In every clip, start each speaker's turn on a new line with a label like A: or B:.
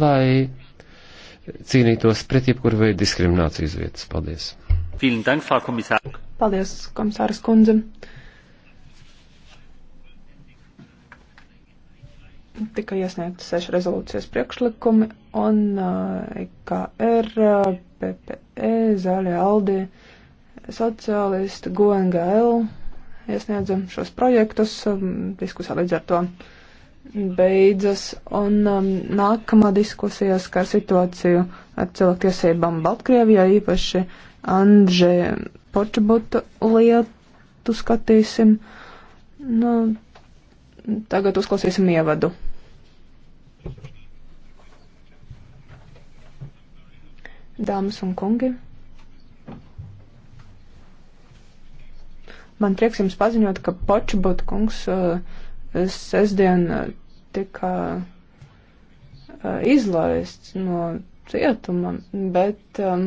A: lai cīnītos pret jebkuru veidu diskriminācijas vietas. Paldies!
B: Paldies, komisāras kundze! Tika iesniegti seši rezolūcijas priekšlikumi un uh, IKR, e uh, PPE, Zaļie Aldi, sociālisti, GNGL iesniedzam šos projektus, um, diskusā līdz ar to beidzas, un um, nākamā diskusija skar situāciju ar cilvēktiesībām Baltkrievijā, īpaši Andžēja Počabuta lietu skatīsim. Nu, tagad uzklausīsim ievadu. Dāmas un kungi, man prieks jums paziņot, ka Počabuta kungs uh, sestdien tika izlaists no cietuma, bet um,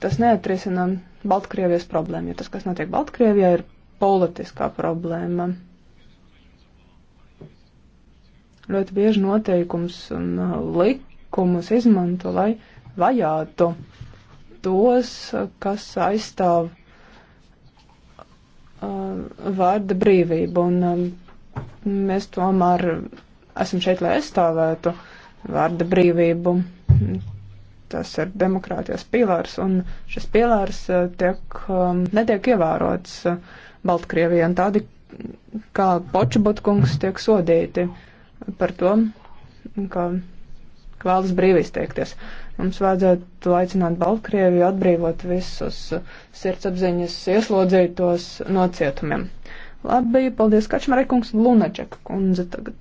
B: tas neatrisina Baltkrievijas problēmu, jo tas, kas notiek Baltkrievijā, ir politiskā problēma. Ļoti bieži noteikums un likumus izmanto, lai vajātu tos, kas aizstāv uh, vārda brīvību. Un, um, Mēs tomēr esam šeit, lai aizstāvētu vārda brīvību. Tas ir demokrātijas pīlārs, un šis pīlārs eh, tiek, um, netiek ievērots eh, Baltkrievijā, un tādi kā Počabutkungs tiek sodīti par to, ka vēlas brīvi izteikties. Mums vajadzētu aicināt Baltkrieviju atbrīvot visus sirdsapziņas ieslodzītos no cietumiem. Labi, paldies Kačmarekungs, Lunačeka kundze tagad.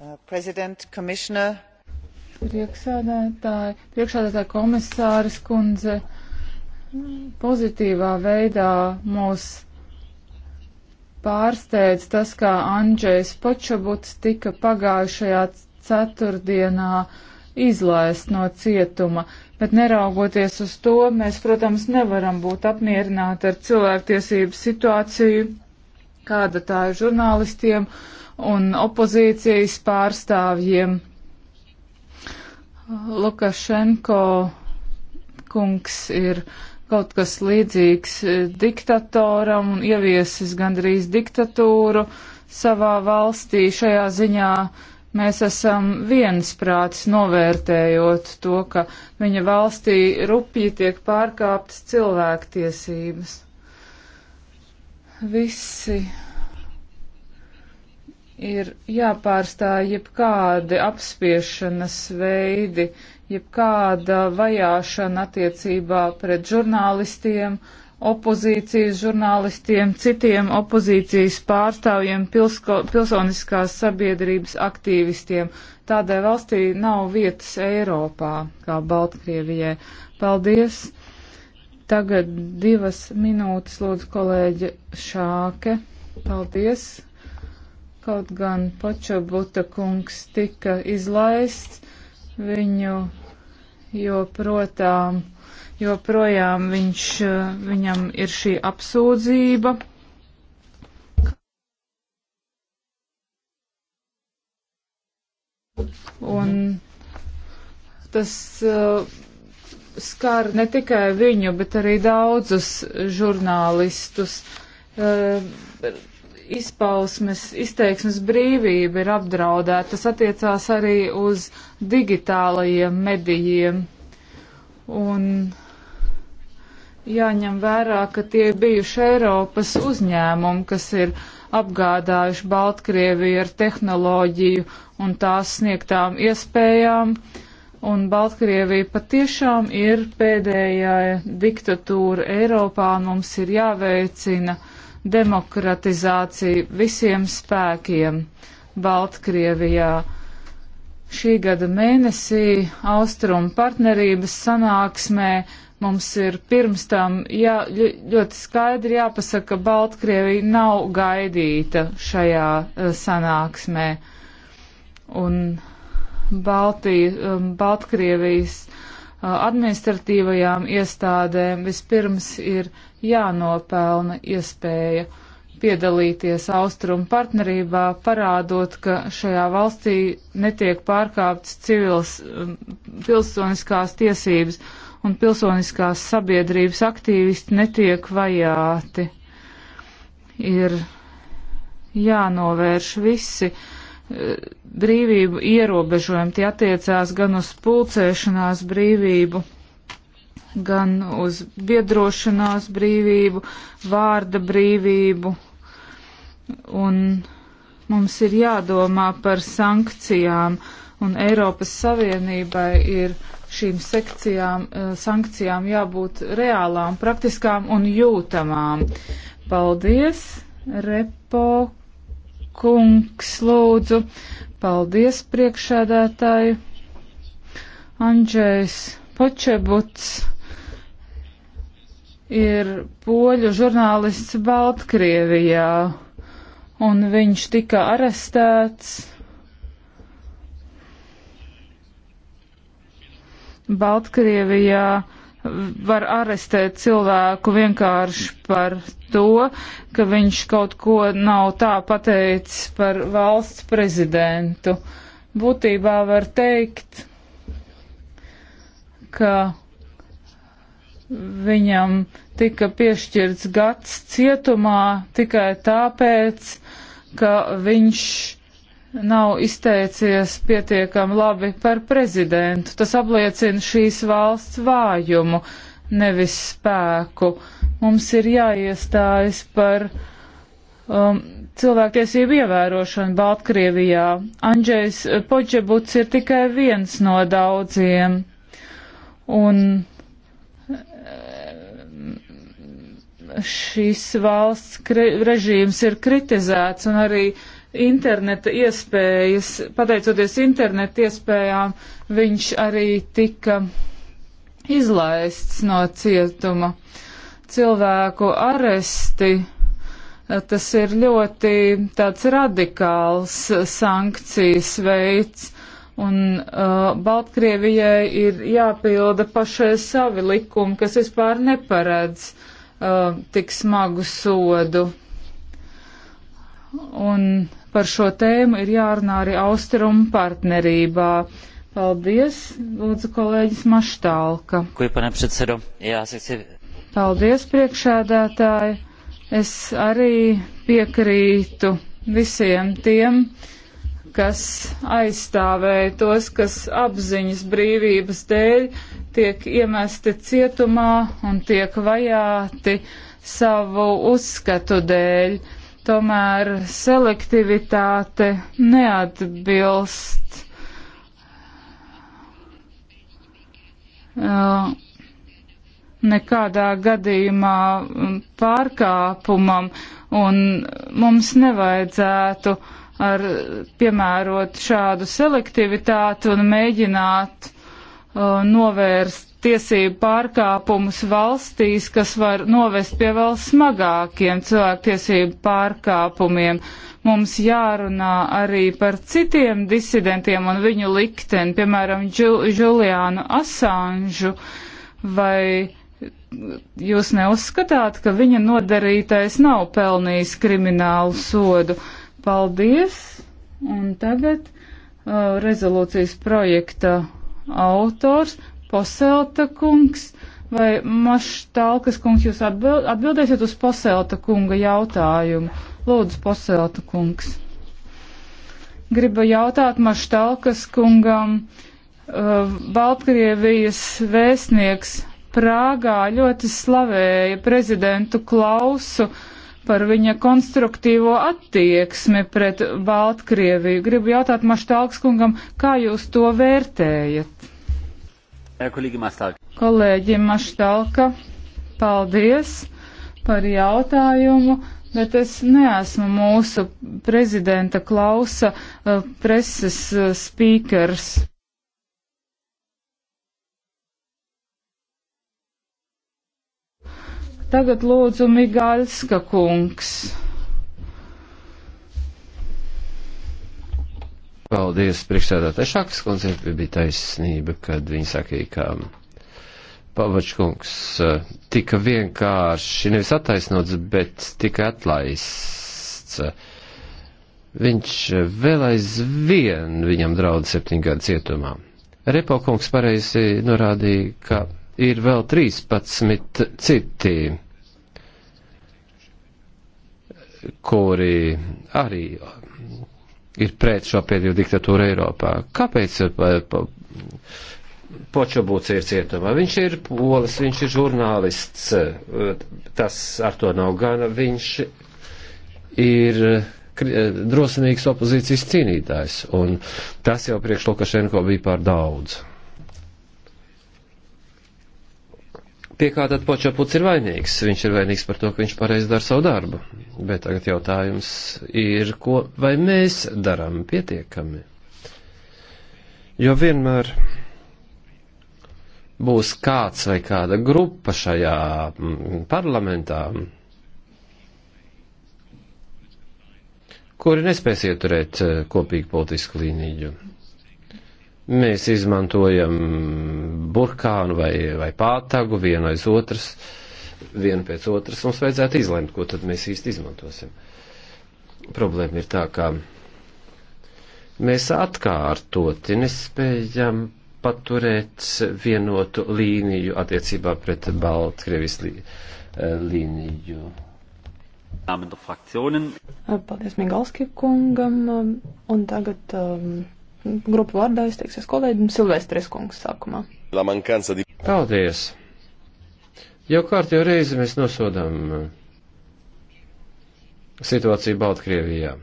B: Uh, priekšsēdētāji,
C: priekšsēdētāji komisāris kundze pozitīvā veidā mūs pārsteidz tas, kā Andrzejs Počobuts tika pagājušajā ceturtdienā izlaist no cietuma, bet neraugoties uz to, mēs, protams, nevaram būt apmierināti ar cilvēktiesību situāciju kāda tā ir žurnālistiem un opozīcijas pārstāvjiem. Lukašenko kungs ir kaut kas līdzīgs eh, diktatoram un ieviesis gandrīz diktatūru savā valstī. Šajā ziņā mēs esam viensprāts novērtējot to, ka viņa valstī rupji tiek pārkāptas cilvēktiesības visi ir jāpārstāj jebkādi apspiešanas veidi, jebkāda vajāšana attiecībā pret žurnālistiem, opozīcijas žurnālistiem, citiem opozīcijas pārstāvjiem, pilsko, pilsoniskās sabiedrības aktīvistiem. Tādai valstī nav vietas Eiropā, kā Baltkrievijai. Paldies! Tagad divas minūtes lūdzu kolēģi Šāke. Paldies. Kaut gan Počabuta kungs tika izlaists, viņu joprotām, joprojām viņš, viņam ir šī apsūdzība. Un tas uh, skar ne tikai viņu, bet arī daudzus žurnālistus. Eh, izpausmes, izteiksmes brīvība ir apdraudēta. Tas attiecās arī uz digitālajiem medijiem. Un jāņem vērā, ka tie bijuši Eiropas uzņēmumi, kas ir apgādājuši Baltkrieviju ar tehnoloģiju un tās sniegtām iespējām. Uh, un Baltkrievija patiešām ir pēdējā diktatūra Eiropā, un mums ir jāveicina demokratizācija visiem spēkiem Baltkrievijā. Šī gada mēnesī Austrum partnerības sanāksmē mums ir pirms tam jā, ļoti skaidri jāpasaka, ka Baltkrievija nav gaidīta šajā eh, sanāksmē. Un Baltija, um, Baltkrievijas uh, administratīvajām iestādēm vispirms ir jānopelna iespēja piedalīties austrumu partnerībā, parādot, ka šajā valstī netiek pārkāptas civils um, pilsoniskās tiesības un pilsoniskās sabiedrības aktīvisti netiek vajāti. Ir jānovērš visi uh, brīvību ierobežojumi. Tie attiecās gan uz pulcēšanās brīvību, gan uz biedrošanās brīvību, vārda brīvību. Un mums ir jādomā par sankcijām, un Eiropas Savienībai ir šīm sekcijām, eh, sankcijām jābūt reālām, praktiskām un jūtamām. Paldies, Repo kungs, lūdzu. Paldies priekšēdētāji. Andrzejs Počebuts ir poļu žurnālists Baltkrievijā, un viņš tika arestēts. Baltkrievijā var arestēt cilvēku vienkārši par to, ka viņš kaut ko nav tā pateicis par valsts prezidentu. Būtībā var teikt, ka viņam tika piešķirts gads cietumā tikai tāpēc, ka viņš nav izteicies pietiekami labi par prezidentu. Tas apliecina šīs valsts vājumu, nevis spēku. Mums ir jāiestājas par um, cilvēktiesību ievērošanu Baltkrievijā. Andžejs Poģebuts ir tikai viens no daudziem. Un eh, šis valsts režīms ir kritizēts un arī uh, interneta iespējas, pateicoties interneta iespējām, viņš arī tika izlaists no cietuma. Cilvēku aresti, tas ir ļoti tāds radikāls sankcijas veids, un uh, Baltkrievijai ir jāpilda pašai savi likumi, kas vispār neparedz uh, tik smagu sodu. Un uh, Par šo tēmu ir jārunā arī austrumu partnerībā. Paldies, lūdzu, kolēģis Maštálka. Paldies, priekšēdētāji. Es arī piekrītu visiem tiem, kas aizstāvēja tos, kas apziņas brīvības dēļ tiek iemesti cietumā un tiek vajāti savu uzskatu dēļ. Tomēr selektivitāte neatbilst. Uh, nekādā gadījumā pārkāpumam, un mums nevajadzētu ar, piemērot šādu selektivitāti un mēģināt uh, novērst tiesību pārkāpumus valstīs, kas var novest pie vēl smagākiem cilvēktiesību pārkāpumiem. Mums jārunā arī par citiem disidentiem un viņu likteni, piemēram, Juliānu Asanžu, vai jūs neuzskatāt, ka viņa nodarītais nav pelnījis kriminālu sodu? Paldies! Un tagad uh, rezolūcijas projekta autors Poselta kungs vai Maštalkas kungs, jūs atbild, atbildēsiet uz Poselta kunga jautājumu. Lūdzu, Poselta kungs. Gribu jautāt Maštalkas kungam, uh, Baltkrievijas vēstnieks Prāgā ļoti slavēja prezidentu Klausu par viņa konstruktīvo attieksmi pret Baltkrieviju. Gribu jautāt Maštalkas kungam, kā jūs to vērtējat? Kolēģi Maštalka, paldies par jautājumu, bet es neesmu mūsu prezidenta klausa eh, preses eh, spīkers. Tagad lūdzu Migaļska kungs.
A: Paldies, priekšsēdētāji Šakas kundze, bija taisnība, kad viņi saka, ka Pavačkungs eh, tika vienkārši nevis attaisnots, bet tika atlaists. Viņš vēl aizvien viņam draud septiņu gadu cietumā. Repokungs pareizi norādīja, ka ir vēl 13 citi, kuri arī ir pret šo pēdējo diktatūru Eiropā. Kāpēc eh, Počobūts ir cietumā? Viņš ir polis, viņš ir žurnālists, eh, tas ar to nav gana, viņš ir eh, drosmīgs opozīcijas cīnītājs, un tas jau priekš Lukašenko bija pār daudz. Pie kā tad Počaputs ir vainīgs? Viņš ir vainīgs par to, ka viņš pareizi dara savu darbu. Bet tagad jautājums ir, ko vai mēs darām pietiekami? Jo vienmēr būs kāds vai kāda grupa šajā mm, parlamentā, kuri nespēs ieturēt eh, kopīgu politisku līniju. Mēs izmantojam burkānu vai, vai pātagu vienu aiz otras, vienu pēc otras. Mums vajadzētu izlemt, ko tad mēs īsti izmantosim. Problēma ir tā, ka mēs atkārtoti nespējam paturēt vienotu līniju attiecībā pret Baltkrievis lī, eh, līniju.
B: Paldies Migalski kungam, un tagad um, grupu vārdā izteiksies kolēģim Silvestris Kungs sākumā.
A: Paldies! Jau kārtējo reizi mēs nosodām uh, situāciju Baltkrievijā.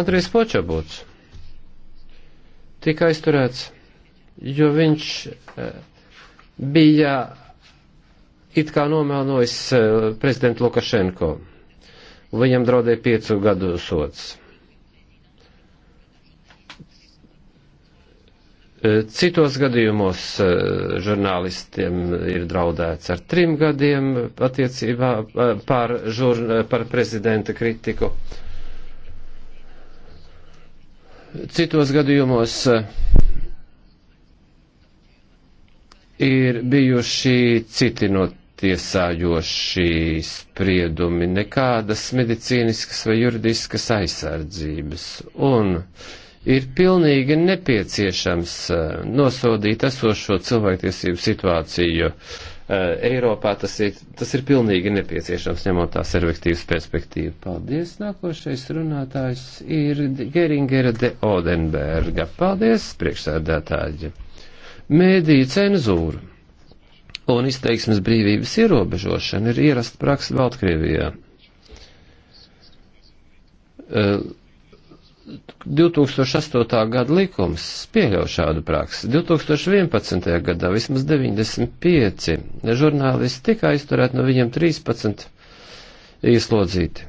A: Andrejs Počabots tika aizturēts, jo viņš uh, bija it kā nomēlnojis uh, prezidentu Lukašenko. Viņam draudēja piecu gadu sots. Citos gadījumos eh, žurnālistiem ir draudēts ar trim gadiem attiecībā eh, par, žurn, par prezidenta kritiku. Citos gadījumos eh, ir bijuši citi not, tiesājoši spriedumi, nekādas medicīniskas vai juridiskas aizsardzības. Un ir pilnīgi nepieciešams eh, nosodīt esošo cilvēktiesību situāciju eh, Eiropā. Tas ir, tas ir pilnīgi nepieciešams, ņemot tās efektīvas perspektīvu. Paldies! Nākošais runātājs ir Geringera de Odenberga. Paldies, priekšsēdētāji! Mēdī cenzūra un izteiksmes brīvības ierobežošana ir ierasta praksa Baltkrievijā. 2008. E, gada likums pieļauj šādu praksi. 2011. gadā vismaz 95 žurnālisti tika aizturēti, no viņiem 13 ieslodzīti.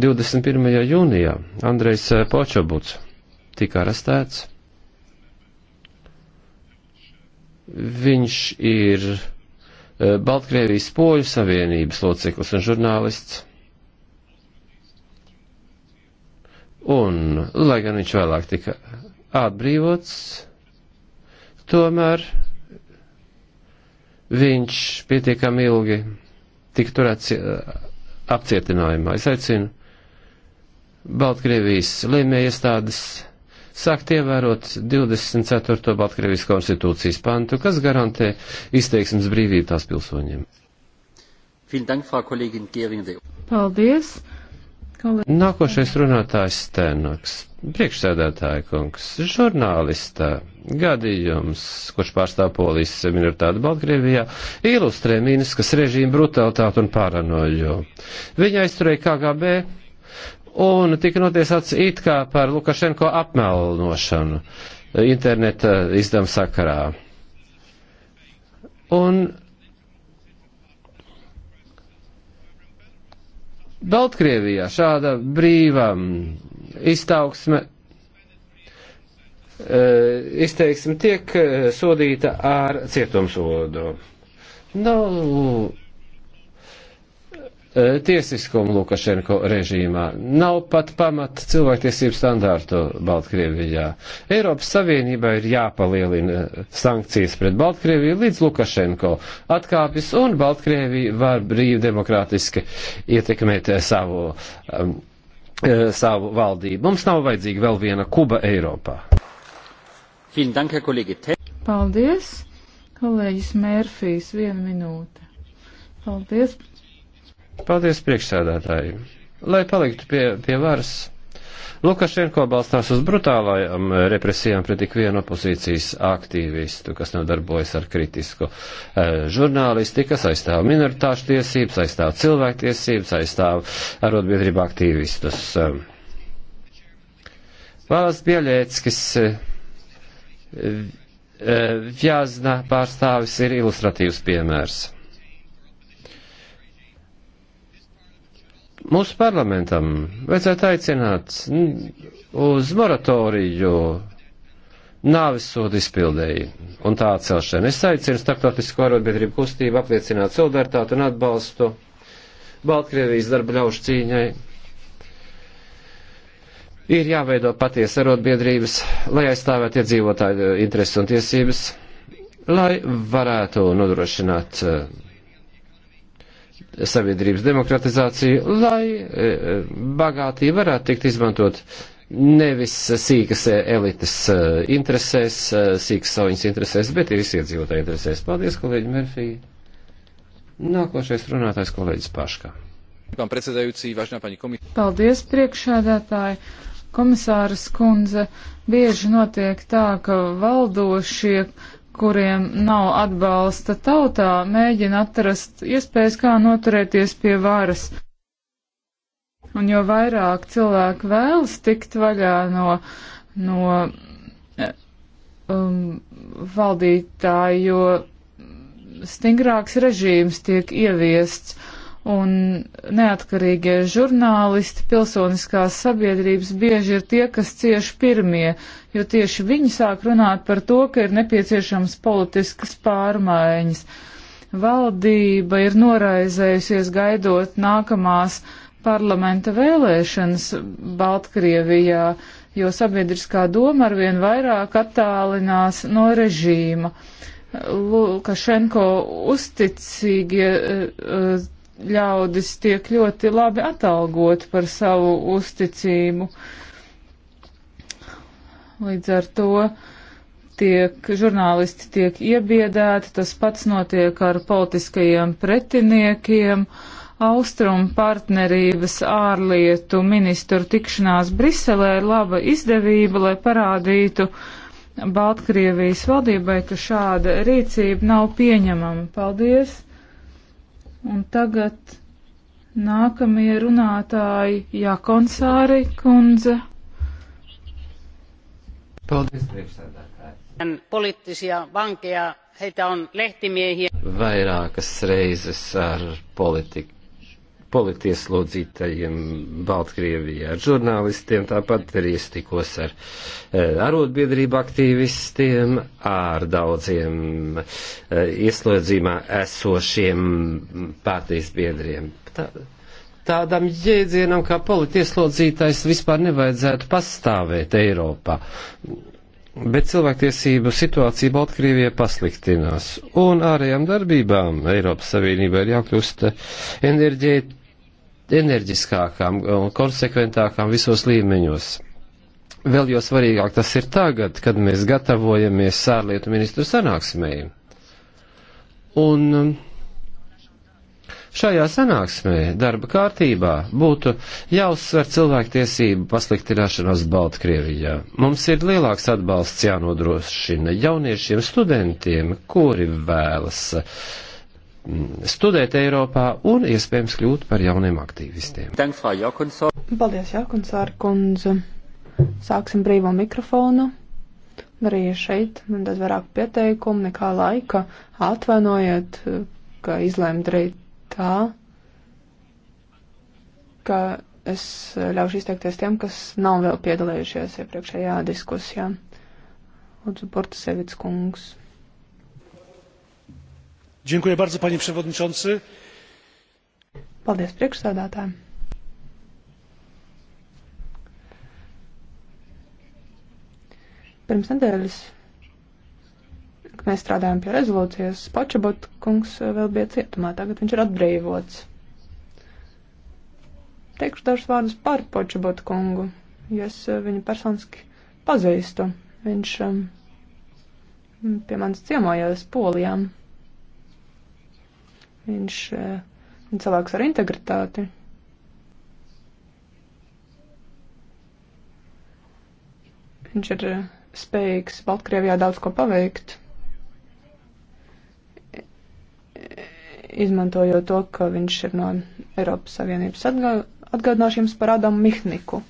A: 21. jūnijā Andrejs Počobuts tika arestēts Viņš ir e, Baltkrievijas Poļu Savienības loceklis un žurnālists. Un, lai gan viņš vēlāk tika atbrīvots, tomēr viņš pietiekami ilgi tika turēts apcietinājumā. Es aicinu Baltkrievijas lēmējiestādes sākt ievērot 24. Baltkrievijas konstitūcijas pantu, kas garantē izteiksmes brīvību tās pilsoņiem.
C: Paldies! Kolēģi.
A: Nākošais runātājs Stēnoks, priekšsēdētāja kungs, žurnālista, gadījums, kurš pārstāv polijas minoritāti Baltkrievijā, ilustrē Mīniskas režīmu brutalitātu un paranoju. Viņa aizturēja KGB un tika notiesāts it kā par Lukašenko apmelnošanu interneta izdevuma sakarā. Un Baltkrievijā šāda brīva iztauksme, eh, izteiksme tiek eh, sodīta ar cietumsodu. Nav nu, no, Eh, tiesiskumu Lukašenko režīmā. Nav pat pamata cilvēktiesību standārtu Baltkrievijā. Eiropas Savienībā ir jāpalielina eh, sankcijas pret Baltkrieviju līdz Lukašenko atkāpjas un Baltkrievija var brīvi demokrātiski ietekmēt eh, savu, um, savu valdību. Mums nav vajadzīga vēl viena Kuba Eiropā.
C: Paldies! Kolēģis Mērfijs, viena minūte. Paldies!
A: Paldies priekšsēdētāji. Lai paliktu pie, pie varas, Lukašenko balstās uz brutālajām represijām pret ikvienu opozīcijas aktīvistu, kas nodarbojas ar kritisko e, eh, žurnālistiku, kas aizstāv minoritāšu tiesības, aizstāv cilvēktiesības, aizstāv arotbiedrību aktīvistus. Valsts Bieļēckis eh, eh, Vjazna pārstāvis ir ilustratīvs piemērs. Mūsu parlamentam vajadzētu aicināt uz moratoriju nāvis sodu izpildēji un tā atcelšana. Es aicinu starptautisko arotbiedrību kustību apliecināt solidaritātu un atbalstu Baltkrievijas darba ļaužu cīņai. Ir jāveido patiesa arotbiedrības, lai aizstāvētu iedzīvotāju intereses un tiesības, lai varētu nodrošināt uh, sabiedrības demokratizāciju, lai e, e, bagātība varētu tikt izmantot nevis sīkas e, elites interesēs, sīkas saviņas interesēs, bet ir iedzīvotāji interesēs. Paldies, kolēģi Merfī. Nākošais runātājs kolēģis Paškā.
C: Paldies, priekšēdētāji. Komisāras kundze, bieži notiek tā, ka valdošie kuriem nav atbalsta tautā, mēģina atrast iespējas, kā noturēties pie varas. Un jo vairāk cilvēku vēlas tikt vaļā no, no eh, um, valdītāju, jo stingrāks režīms tiek ieviests un neatkarīgie žurnālisti, pilsoniskās sabiedrības bieži ir tie, kas cieš pirmie, jo tieši viņi sāk runāt par to, ka ir nepieciešams politiskas pārmaiņas. Valdība ir noraizējusies gaidot nākamās parlamenta vēlēšanas Baltkrievijā, jo sabiedriskā doma arvien vairāk attālinās no režīma. Lukašenko uzticīgie uh, ļaudis tiek ļoti labi atalgot par savu uzticību. Līdz ar to tiek, žurnālisti tiek iebiedēti, tas pats notiek ar politiskajiem pretiniekiem. Austrum partnerības ārlietu ministru tikšanās Briselē ir laba izdevība, lai parādītu Baltkrievijas valdībai, ka šāda rīcība nav pieņemama. Paldies! Un tagad nākamie runātāji Jākonsāri kundze.
A: Paldies, priekšsēdētāji.
C: Poliittisia vankeja, heitä on lehtimiehiä.
A: Vairākas reizes ar politiku politieslodzītajiem Baltkrievijā, ar žurnālistiem, tāpat arī es tikos ar eh, arotbiedrību aktīvistiem, ar daudziem eh, ieslodzījumā esošiem partijas biedriem. Tā, tādam jēdzienam kā politieslodzītais vispār nevajadzētu pastāvēt Eiropā. Bet cilvēktiesību situācija Baltkrievijā pasliktinās, un ārējām darbībām Eiropas Savienībā ir jākļūst enerģēt enerģiskākām un konsekventākām visos līmeņos. Vēl jau svarīgāk tas ir tagad, kad mēs gatavojamies sārlietu ministru sanāksmēji. Un um, šajā sanāksmē, darba kārtībā, būtu jāuzsver cilvēktiesību pasliktināšanos Baltkrievijā. Mums ir lielāks atbalsts jānodrošina jauniešiem studentiem, kuri vēlas uh, Mm, studēt Eiropā un iespējams kļūt par jauniem aktīvistiem.
B: Paldies, Jākonsāra kundze. Sāksim brīvo mikrofonu. Arī šeit man tad vairāk pieteikumu nekā laika. Atvainojiet, ka izlēmu darīt tā, ka es ļaušu izteikties tiem, kas nav vēl piedalījušies iepriekšējā diskusijā. Lūdzu, Bortasevits kungs.
A: Dziękuję bardzo, panie przewodniczący.
B: Paldies priekšsēdētājiem. Pirms nedēļas, kad mēs strādājām pie rezolūcijas, Pačabot kungs vēl bija cietumā, tagad viņš ir atbrīvots. Teikšu dažus vārdus par Pačabot kungu, jo es eh, viņu personiski pazīstu. Viņš um, pie manis ciemojās polijām. Viņš eh, ir cilvēks ar integritāti. Viņš ir eh, spējīgs Baltkrievijā daudz ko paveikt. Izmantojot to, ka viņš ir no Eiropas Savienības atgādināšanas par Adamu Mihniku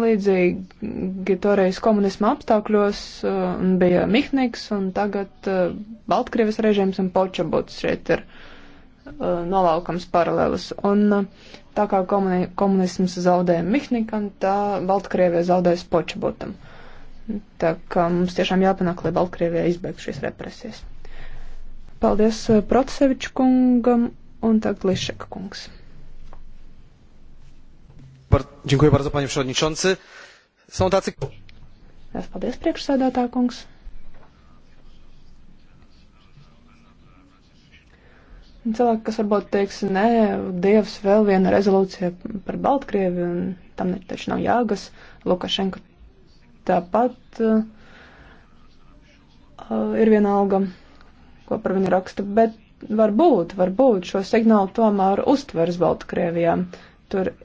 B: līdzīgi toreiz komunisma apstākļos uh, bija Mihniks un tagad uh, Baltkrievis režīms un Počabots šeit ir uh, nolaukams paralēlis. Un uh, tā kā komuni komunisms zaudēja Mihnikam, tā Baltkrievija zaudēs Počabotam. Tā kā mums tiešām jāpanāk, lai Baltkrievijā izbeigtu šīs represijas. Paldies uh, Protseviču kungam un tagad Lišeka kungs.
A: Dziękuję bardzo, panie przewodniczący. Są tacy...
B: Es paldies, priekšsēdētā kungs. Cilvēki, kas varbūt teiks, nē, Dievs vēl viena rezolūcija par Baltkrievi, un tam taču nav jāgas. Lukašenka tāpat uh, ir vienalga, ko par viņu raksta, bet varbūt, varbūt šo signālu tomēr uztvers Baltkrievijā. Tur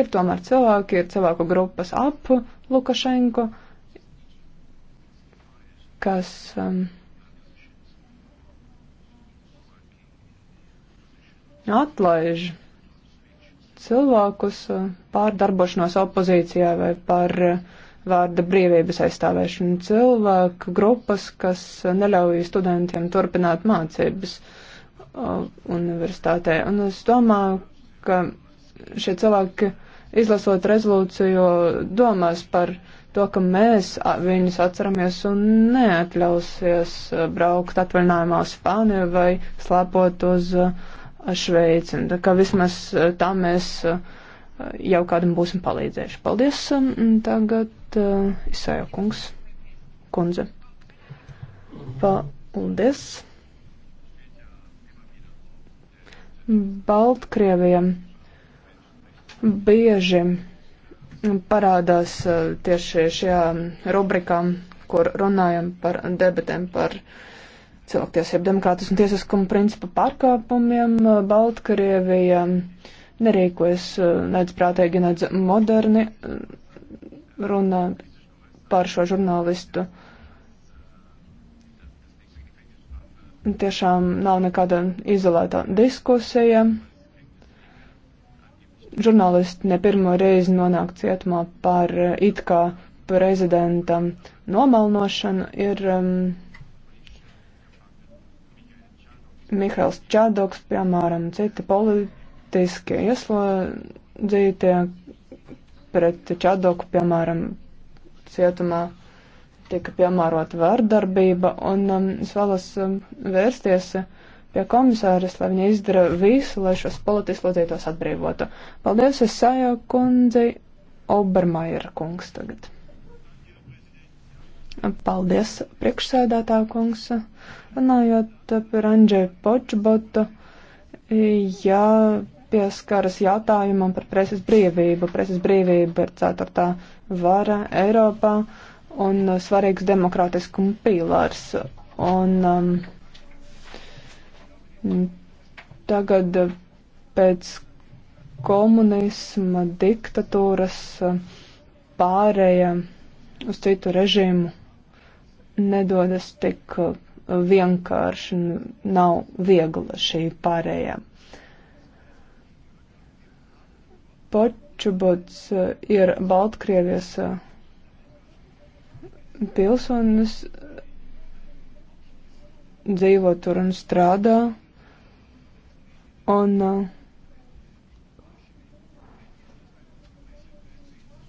B: Ir tomēr cilvēki, ir cilvēku grupas ap Lukašenko, kas um, atlaiž cilvēkus uh, pār darbošanos opozīcijā vai par uh, vārda brīvības aizstāvēšanu. Cilvēku grupas, kas neļauj studentiem turpināt mācības uh, universitātē. Un es domāju, ka šie cilvēki, izlasot rezolūciju, domās par to, ka mēs viņus atceramies un neatļausies braukt atvaļinājumā uz Spāniju vai slēpot uz Šveici. Tā kā vismaz tā mēs jau kādam būsim palīdzējuši. Paldies! Tagad uh, Isēja kungs, kundze. Paldies! Baltkrievijam bieži parādās uh, tieši šajā rubrikā, kur runājam par debatēm par cilvēktiesību demokrātas un tiesiskuma principu pārkāpumiem. Uh, Baltkarievija nerīkojas uh, nec prātīgi, nec moderni runā par šo žurnālistu. Tiešām nav nekāda izolēta diskusija žurnālisti ne pirmo reizi nonāk cietumā par eh, it kā prezidenta nomalnošanu, ir um, Mihails Čādoks, piemēram, citi politiskie ieslodzītie pret Čādoku, piemēram, cietumā tika piemērota vārdarbība, un um, es vēlos um, vērsties. Uh, pie komisāras, lai viņa izdara visu, lai šos politislodzītos atbrīvotu. Paldies, es sajau kundzei Obermaiera kungs tagad. Paldies, priekšsēdētā kungs. Runājot par Andžēju Počbotu, jā, pieskaras jautājumam par preses brīvību. Preses brīvība ir ceturtā vara Eiropā un svarīgs demokrātiskuma pīlārs. Un, um, Tagad eh, pēc komunisma, diktatūras eh, pārēja uz citu režīmu nedodas tik eh, vienkārši, nav viegla šī pārējā. Počubots ir Baltkrievijas pilsonis, dzīvo tur un strādā. Un uh,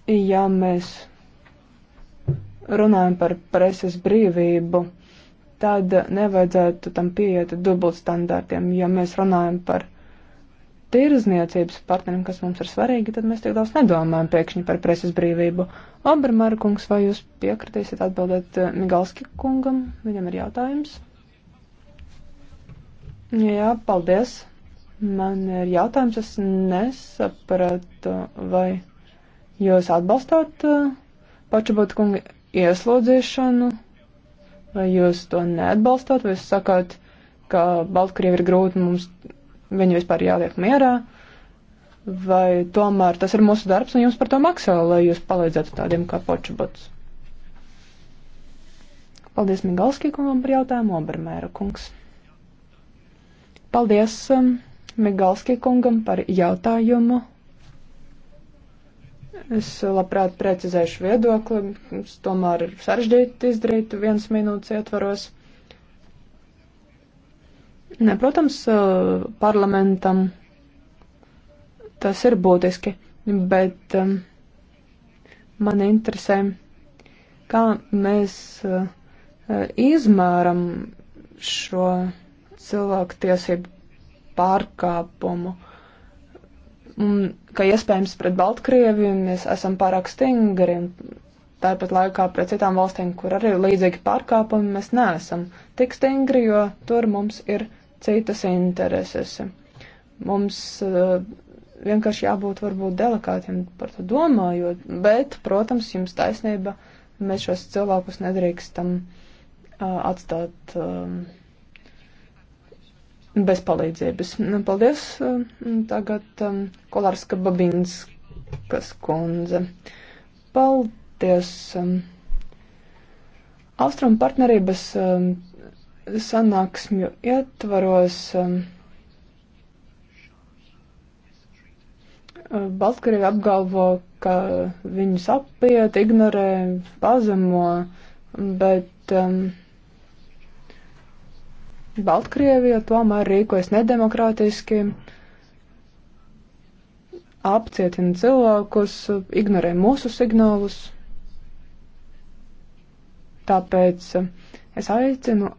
B: ja mēs runājam par preses brīvību, tad nevajadzētu tam pieiet dubultstandartiem. Ja mēs runājam par tirzniecības partneriem, kas mums ir svarīgi, tad mēs tik daudz nedomājam pēkšņi par preses brīvību. Obermāra kungs, vai jūs piekritīsiet atbildēt eh, Migalski kungam? Viņam ir jautājums. Jā, paldies. Man ir jautājums, es nesapratu, vai jūs atbalstāt eh, pačabot kunga ieslodzīšanu, vai jūs to neatbalstāt, vai jūs sakāt, ka Baltkrievi ir grūti, mums viņu vispār jāliek mierā, vai tomēr tas ir mūsu darbs un jums par to maksā, lai jūs palīdzētu tādiem kā pačabots. Paldies Migalskī kungam par jautājumu, Obermēra kungs. Paldies! Um, Migalski kungam par jautājumu. Es labprāt precizēšu viedokli, es tomēr ir sarežģīti izdarīt viens minūtes ietvaros. Ne, protams, parlamentam tas ir būtiski, bet um, man interesē, kā mēs uh, izmēram šo cilvēku tiesību pārkāpumu. Un, ka iespējams pret Baltkrievi mēs esam pārāk stingri, un tāpat laikā pret citām valstīm, kur arī ir līdzīgi pārkāpumi, mēs neesam tik stingri, jo tur mums ir citas intereses. Mums uh, vienkārši jābūt varbūt delikātiem par to domājot, bet, protams, jums taisnība, mēs šos cilvēkus nedrīkstam uh, atstāt. Uh, bez palīdzības. Nu, paldies. Um, tagad um, Kolārska Babinskas kundze. Paldies. Um, Austrum partnerības um, sanāksmju ietvaros um, Baltkrievi apgalvo, ka viņus apiet, ignorē, pazemo, bet um, Baltkrievija tomēr rīkojas nedemokrātiski, apcietina cilvēkus, ignorē mūsu signālus. Tāpēc es aicinu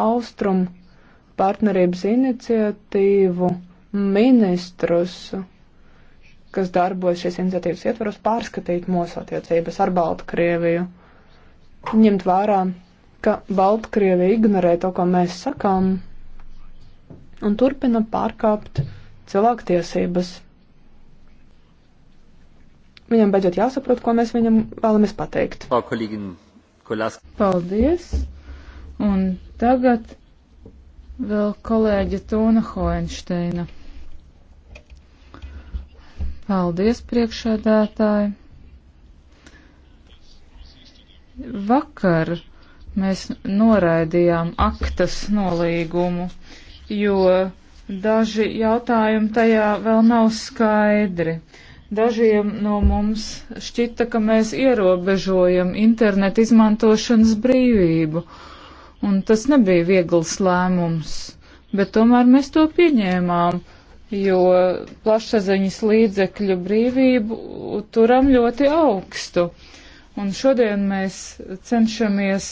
B: Austrum partnerības iniciatīvu ministrus, kas darbojas šīs iniciatīvas ietvaros, pārskatīt mūsu attiecības ar Baltkrieviju, ņemt vērā ka Baltkrievi ignorē to, ko mēs sakām, un turpina pārkāpt cilvēktiesības. Viņam beidzot jāsaprot, ko mēs viņam vēlamies pateikt. Paldies! Un tagad
C: vēl kolēģa Tūna Hoensteina. Paldies, priekšādātāji! Vakar mēs noraidījām aktas nolīgumu, jo daži jautājumi tajā vēl nav skaidri. Dažiem no mums šķita, ka mēs ierobežojam internetu izmantošanas brīvību, un tas nebija viegls lēmums, bet tomēr mēs to pieņēmām, jo plašsaziņas līdzekļu brīvību turam ļoti augstu. Un šodien mēs cenšamies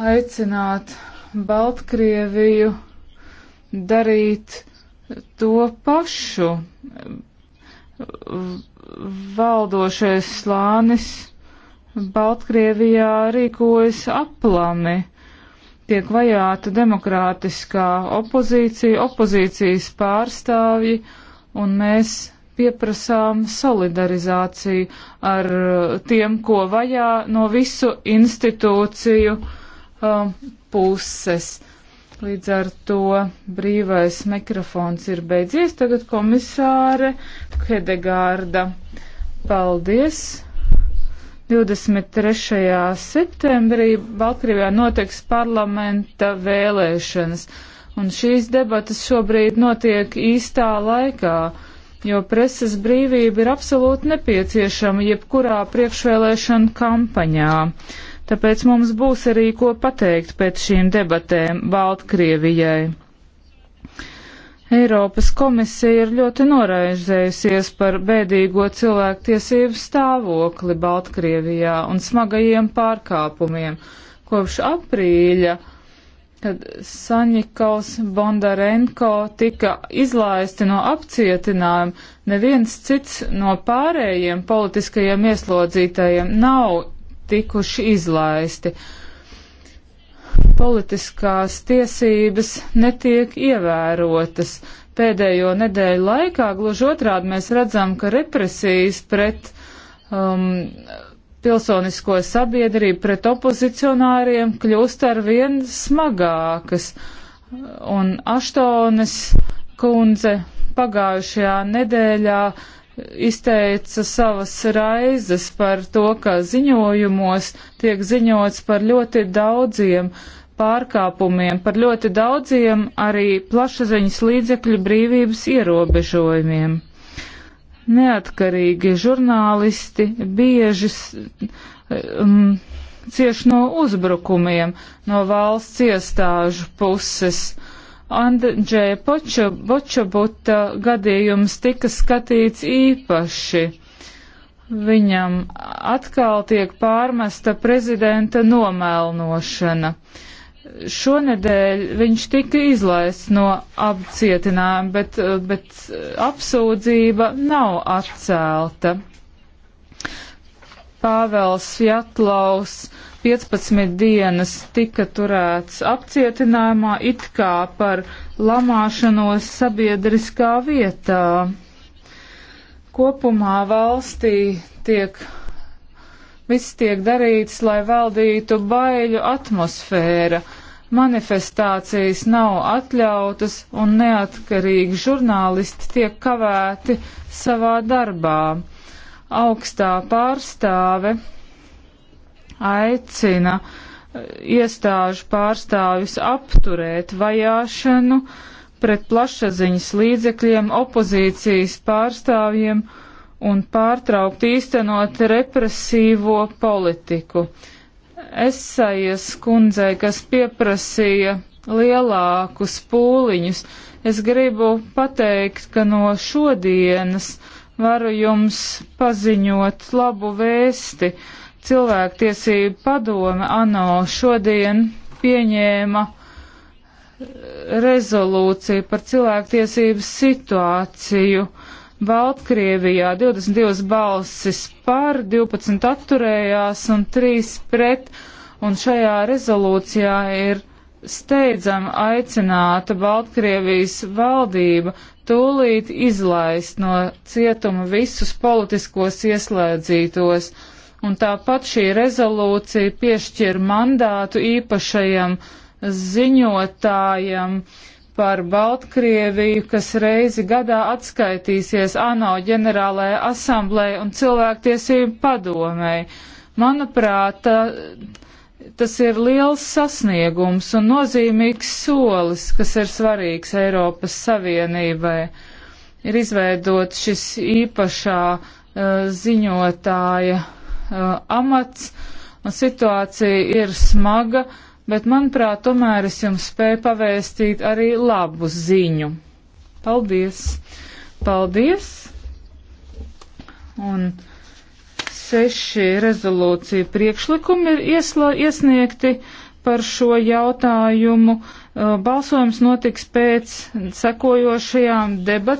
C: aicināt Baltkrieviju darīt to pašu. Valdošais slānis Baltkrievijā rīkojas aplami, tiek vajāta demokrātiskā opozīcija, opozīcijas pārstāvji, un mēs pieprasām solidarizāciju ar uh, tiem, ko vajā no visu institūciju uh, um, puses. Līdz ar to brīvais mikrofons ir beidzies. Tagad komisāre Hedegārda. Paldies! 23. septembrī Baltkrievijā notiks parlamenta vēlēšanas, un šīs debatas šobrīd notiek īstā laikā, jo preses brīvība ir absolūti nepieciešama jebkurā priekšvēlēšana kampaņā. Tāpēc mums būs arī ko pateikt pēc šīm debatēm Baltkrievijai. Eiropas komisija ir ļoti noraizējusies par bēdīgo cilvēktiesību stāvokli Baltkrievijā un smagajiem pārkāpumiem. Kopš aprīļa, kad Saņikovs Bondarenko tika izlaisti no apcietinājuma, neviens cits no pārējiem politiskajiem ieslodzītajiem nav tikuši izlaisti. Politiskās tiesības netiek ievērotas. Pēdējo nedēļu laikā gluži otrādi mēs redzam, ka represijas pret um, pilsonisko sabiedrību, pret opozicionāriem kļūst ar vien smagākas. Un Aštonis kundze pagājušajā nedēļā uh, izteica savas raizes par to, ka ziņojumos tiek ziņots par ļoti daudziem pārkāpumiem, par ļoti daudziem arī plašsaziņas līdzekļu brīvības ierobežojumiem. Neatkarīgi žurnālisti bieži um, cieš no uzbrukumiem no valsts iestāžu puses Andrzeja Počobuta gadījums tika skatīts īpaši. Viņam atkal tiek pārmesta prezidenta nomēlnošana. Šonedēļ viņš tika izlaists no apcietinājuma, bet, bet apsūdzība nav atcelta. Pāvels Fjatlaus uh, 15 dienas tika turēts apcietinājumā it kā par lamāšanos sabiedriskā vietā. Kopumā valstī tiek, viss tiek darīts, lai valdītu baiļu atmosfēra. Manifestācijas nav atļautas un neatkarīgi žurnālisti tiek kavēti savā darbā. Augstā pārstāve aicina eh, iestāžu pārstāvis apturēt vajāšanu pret plašsaziņas līdzekļiem, opozīcijas pārstāvjiem un pārtraukt īstenot represīvo politiku. Esaijas kundzei, kas pieprasīja lielākus pūliņus, es gribu pateikt, ka no šodienas varu jums paziņot labu vēsti cilvēktiesību padome ANO šodien pieņēma eh, rezolūciju par cilvēktiesību situāciju Baltkrievijā. 22 balsis par, 12 atturējās un 3 pret. Un šajā rezolūcijā ir steidzam aicināta Baltkrievijas valdība tūlīt izlaist no cietuma visus politiskos ieslēdzītos. Uh, Un tāpat šī rezolūcija piešķir mandātu īpašajam ziņotājam par Baltkrieviju, kas reizi gadā atskaitīsies ANO ģenerālajai asamblēji un cilvēktiesību padomēji. Manuprāt, tas ir liels sasniegums un nozīmīgs solis, kas ir svarīgs Eiropas Savienībai. Ir izveidot šis īpašā uh, ziņotāja Uh, amats un situācija ir smaga, bet manuprāt, tomēr es jums spēju pavēstīt arī labu ziņu. Paldies! Paldies! Un seši rezolūcija priekšlikumi ir iesla, iesniegti par šo jautājumu. Uh, balsojums notiks pēc sekojošajām debatēm.